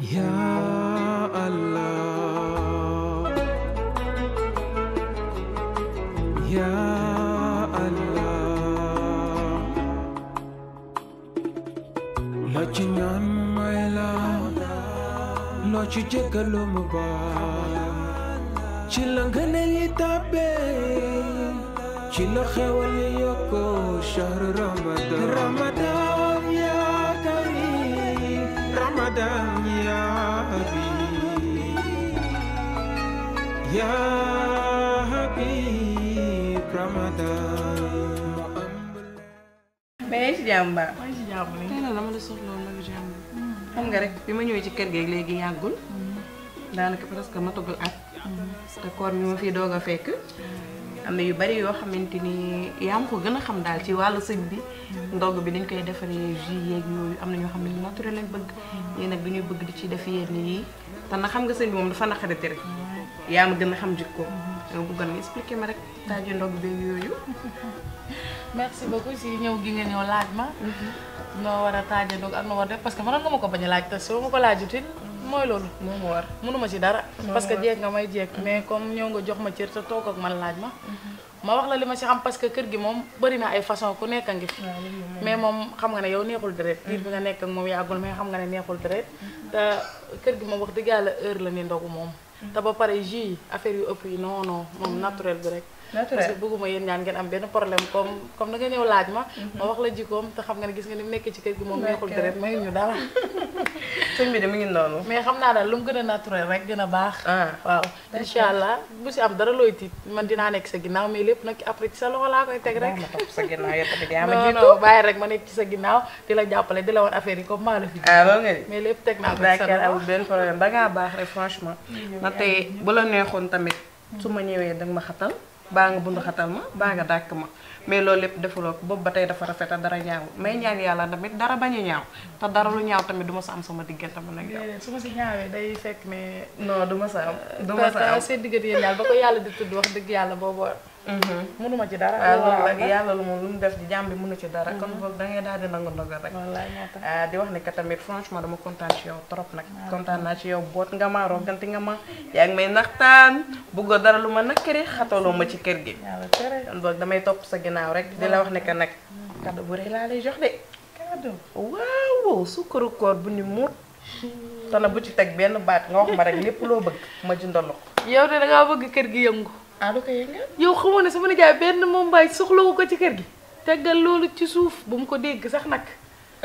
yaa Allah yaa Allah loo ci ñaan may la loo ci jéggalu mu baal ci la ngëne li tàbbee ci la xewal yokko shahr Ramadan غدا يا حبيب يا حبيب رمضان ba. maa ngi ci xam nga rek bi ma ñëwee ci kër gi léegi yàggul. Mm-hmm. daanaka presque matagul at. Mm-hmm. te koor mi ma fii doog a fekk. am na yu bari yoo xamante ni yaa ngi ko gën a xam daal ci wàll sëñ bi mm-hmm. ndogg bi dañ koy defaree jus yeeg yooyu am na ñoo xam ne naturel lañ bëgg ñii mm-hmm. nag dañuy bëgg di ci def yenn yi te na xam nga sëñ bi moom dafa naqari tere mm-hmm. yaa ma gën a xam jikko dama bëggoon expliquer ma rek taaju ndogg beeg yooyu merci beaucoup si ñëw gi nga ñëw laaj ma noo war a taaja ndogg ak noo war def parce que nga ko bañ a laaj te soo ma ko laajutin mooy loolu moom ma war mënuma ci dara parce que jeeg nga may jeeg mm-hmm. mais comme ñëw nga jox ma cër te toog ak man laaj ma mm-hmm. ma wax la li ma ci xam parce que kër gi moom bëri na ay façon ku nekk ngi mais moom xam nga ne yow neexul deret mm-hmm. diir bi nga nekk ak moom yàggul mais xam nga ne neexul deret kër gi moom wax dëgg yàlla la ni ndogu moom te ba pare jus yu ëpp yi non non rek naturel parce yéen ñaan ngeen am benn problème comme comme da nga laaj ma ma la jikkoom te xam nga ne gis nga ni mu nekk ci kër gi moom neexul deret may ñu dara sëñ bi de mu ngi noonu. mais xam naa daal lu mu gën a naturel rek gën a baax. Ah. waaw incha allah bu si am dara looy tiit man dinaa nekk sa ginnaaw mais lépp nag après ci sa loxo laa koy teg rek. sa ginnaaw yow tamit bàyyi rek ma nekk ci sa ginnaaw di la jàppale di la woon affaire yi comme maa la fi. Ah, mais lépp teg naa ko ci sa loxo amul benn problème da ngaa baax rek franchement. ma tey bu la neexoon tamit su ma hmm. ñëwee danga ma xatal baa nga bund xatal ma baa nga dàkk ma mais loolu lépp defuloo ko boobu ba tey dafa rafet dara ñaaw may ñaan yàlla tamit dara bañ a ñaaw te dara lu ñaaw tamit duma ma sa am sama diggante man ak yow. su ma si ñaawee day fekk mais. non du ma sa am du ma sa am seen diggante yéen daal ba ko yàlla di tudd wax dëgg yàlla booboo. Mm-hmm. mënuma ci dara. waaw ah, loolu yàlla lu mu lu mu def jàmm bi mënu ci dara. kon mm-hmm. boog da ngay daal di nangu ndogal rek. Ah, di wax ne que tamit franchement dama kontaan ci yow trop nag. Ah, kontaan naa ci yow boot nga ma rogganti nga ma. yaa ngi may naxtaan bëggoo dara lu ma nakkari xataloo ma ci kër gi. kon boog damay topp sa ginnaaw rek di la wax ne que nag. Mm-hmm. kaddu bu rëy laa lay jox de. kaddu waaw sukkaru koor bu ni muut. te na bu ci teg benn baat nga wax ma rek lépp loo bëgg ma jëndal yow de da ah lu ko yëngal. yow xamoo ne sama nijaay benn moom mbaay soxlawu ko ci kër gi teggal loolu ci suuf bu mu ko dégg sax nag.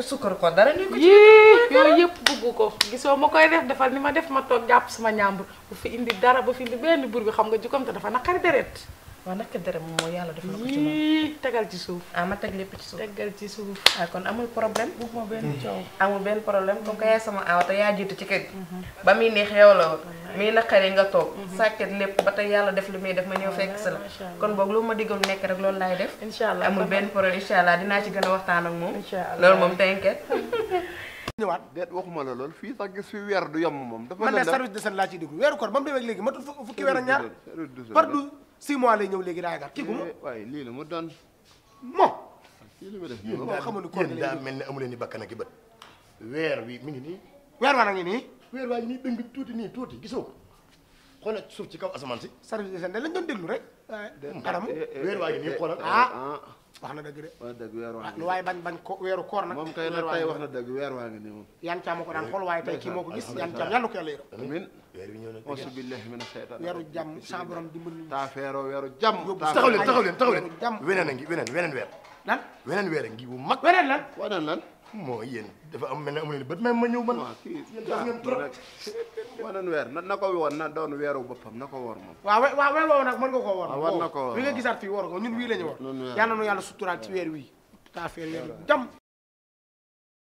sukkar ko dara ñu ko ci yooyu yëpp bëggu ko gisoo ma koy def defal ni ma def ma toog jàpp sama ñàmbur bu fi indi dara bu fi indi benn bur bi xam nga jikkoom te dafa naqari deret waaw naka dara moom yàlla def na ko moom tegal ci suuf ah, ma teg lépp ci suuf tegal ci suuf ah, kon amul problème bu ma benn mm-hmm. coow benn problème comme que yaay ci kër gi mm-hmm. ba neex yow la woon muy naqari nga toog mm-hmm. sàkket lépp ba yàlla def li muy def ma ñëw fekk si kon boog ma diggal nekk rek loolu laay def incha allah amul benn problème incha allah dinaa ci gën a waxtaan ak moom loolu moom tënket ñëwaat déet waxuma la lool fii sax gis fi weer du yomb moom dafa man ne service de sen laa ciy dugg weeru koor ba mu demee léegi matul fukki weer ak ñaar par six mois lay ñëw léegi daa gàtt kii gu ma eh, waaye lii la mu doon moom lii la ma def moom xamu ni kon daa mel ne amu leen ni bakkan ak i bët weer wi mi ngi nii weer waa na ngi nii weer waa ngi nii dëng tuuti nii tuuti gisoo ko xoolal suuf ci kaw asamaan si service d'hygiène lañ doon déglu rek anam weer waa ngi nii eh, xoolal eh, ah, ah. wax na dëgg de. wax dëgg weer waa ngi ah, waaye bañ bañ ko weeru koor nag. moom kay nag tey wax na dëgg weer waa ngi nii moom. yan caama ko daan xool waaye tey kii moo ko gis yan caam yàlla ko yàlla yërëm. amiin weer wi ñëw na auzu billaahi mina seytaan weeru jàmm sa borom dimbali. taafeero weeru jàmm. taxaw leen taxaw leen taxaw leen. weneen a ngi weneen weneen weer. lan weneen weer a ngi bu mag. weneen lan weneen lan. moo yéen dafa am mel ne amu leen bët mais ma ñëw man. waaw kii weer na ko woon na doon weeru boppam na ko woor moom. waaw we waaw weer woowu nag mën nga ah, na ko woor wi nga gisaat fii woor ko ñun wii la ñu woor. yàlla na yàlla suturaat ci weer wi. taa feer weer jam